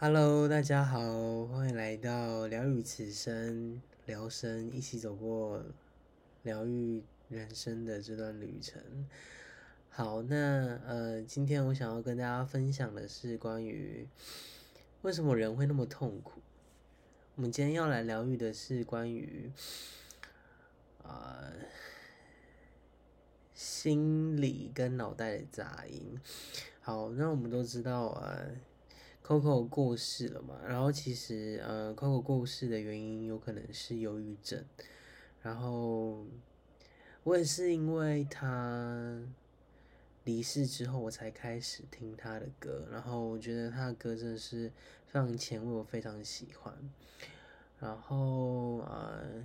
Hello，大家好，歡迎來到療癒此生，聊生一起走過療癒人生的這段旅程。好，那呃，今天我想要跟大家分享的是關於為什麼人會那麼痛苦。我們今天要來療癒的是關於啊、呃、心理跟腦袋的雜音。好，那我們都知道啊。Coco 過世了嘛？然後其實，呃，Coco 過世的原因有可能是憂鬱症。然後我也是因為他離世之後，我才開始聽他的歌。然後我覺得他的歌真的是非常前衛，我非常喜歡。然後，嗯、呃，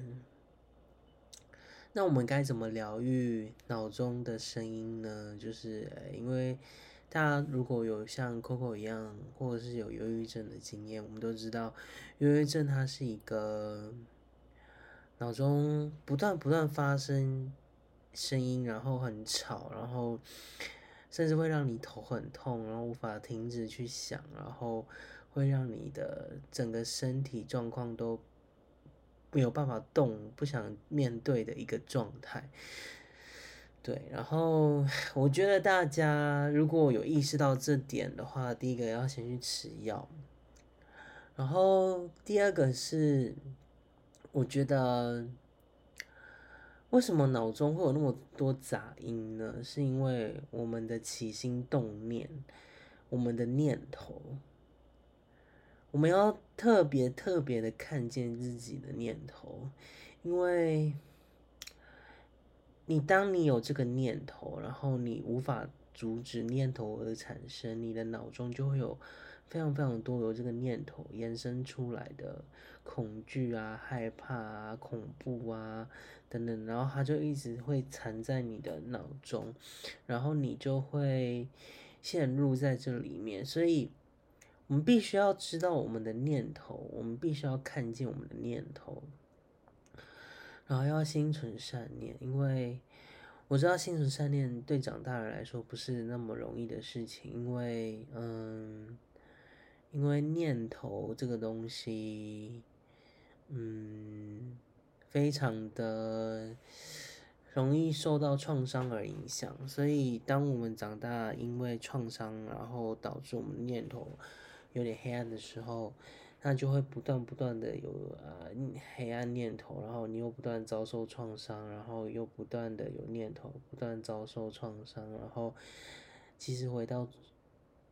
那我們該怎麼療癒腦中的聲音呢？就是、欸、因為。大家如果有像 Coco 一樣，或者是有憂鬱症的經驗，我們都知道，憂鬱症它是一個腦中不斷不斷發生聲音，然後很吵，然後甚至會讓你頭很痛，然後無法停止去想，然後會讓你的整個身體狀況都沒有辦法動，不想面對的一個狀態。對，然後我覺得大家如果有意識到這點的話，第一個要先去吃藥，然後第二個是，我覺得為什麼腦中會有那麼多雜音呢？是因為我們的起心動念，我們的念頭，我們要特別特別的看見自己的念頭，因為。你當你有這個念頭，然後你無法阻止念頭而產生，你的腦中就會有非常非常多由這個念頭延伸出來的恐懼啊、害怕啊、恐怖啊等等，然後它就一直會藏在你的腦中，然後你就會陷入在這裡面。所以我們必須要知道我們的念頭，我們必須要看見我們的念頭。然後要心存善念，因為我知道心存善念對長大人來說不是那麼容易的事情，因為，嗯，因為念頭這個東西，嗯，非常的容易受到創傷而影響，所以當我們長大，因為創傷，然後導致我們念頭有點黑暗的時候。那就會不斷不斷的有呃黑暗念頭，然後你又不斷遭受創傷，然後又不斷的有念頭，不斷遭受創傷，然後其實回到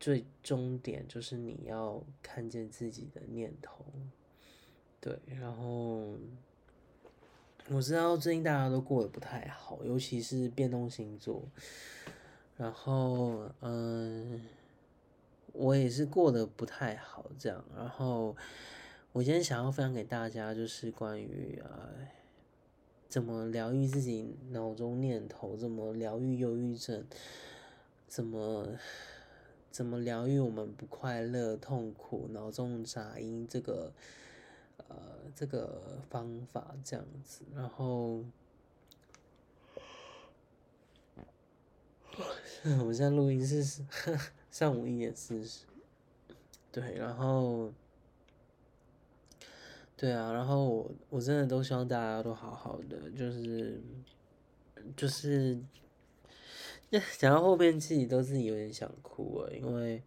最終點就是你要看見自己的念頭，對，然後我知道最近大家都過得不太好，尤其是變動星座，然後嗯。呃我也是過得不太好，這樣。然後我今天想要分享給大家，就是關於啊、哎、怎麼療癒自己腦中念頭，怎麼療癒憂鬱症，怎麼怎麼療癒我們不快樂、痛苦腦中雜音這個呃這個方法這樣子。然後 我現在錄音試試。上午一點四十，對，然後，對啊，然後我我真的都希望大家都好好的，就是，就是，想到後面自己都是有點想哭了，因為，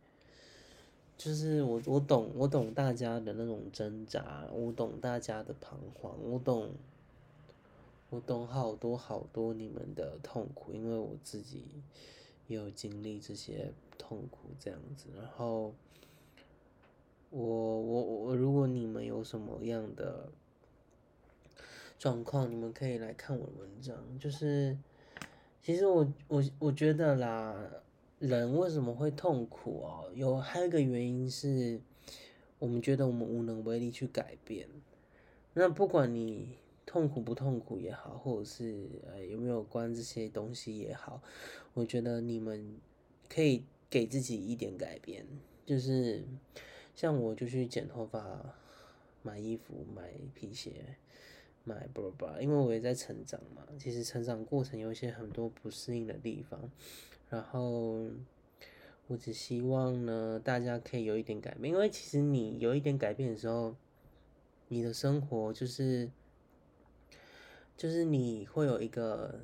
就是我我懂我懂大家的那種掙扎，我懂大家的彷徨，我懂，我懂好多好多你們的痛苦，因為我自己。也有經歷這些痛苦這樣子，然後我我我，我如果你們有什麼樣的狀況，你們可以來看我的文章。就是，其實我我我覺得啦，人為什麼會痛苦哦、啊？有還有一個原因是，我們覺得我們無能為力去改變。那不管你。痛苦不痛苦也好，或者是呃有沒有關這些東西也好，我覺得你們可以給自己一點改變。就是像我就去剪頭髮、買衣服、買皮鞋、買包包，因為我也在成長嘛。其實成長過程有一些很多不適應的地方，然後我只希望呢，大家可以有一點改變，因為其實你有一點改變的時候，你的生活就是。就是你會有一個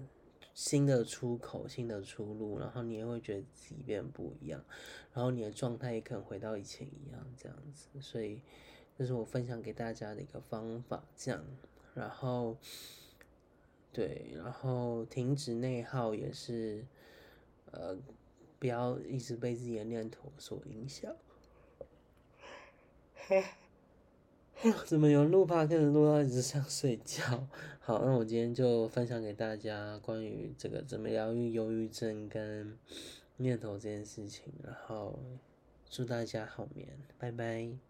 新的出口、新的出路，然後你也會覺得自己變不一樣，然後你的狀態也可能回到以前一樣這樣子。所以，這是我分享給大家的一個方法。這樣，然後，對，然後停止內耗也是，呃，不要一直被自己的念頭所影響。 怎麼有錄怕跟着錄到一直想睡覺。好，那我今天就分享給大家關於這個怎麼療癒憂鬱症跟念頭這件事情。然後祝大家好眠，拜拜。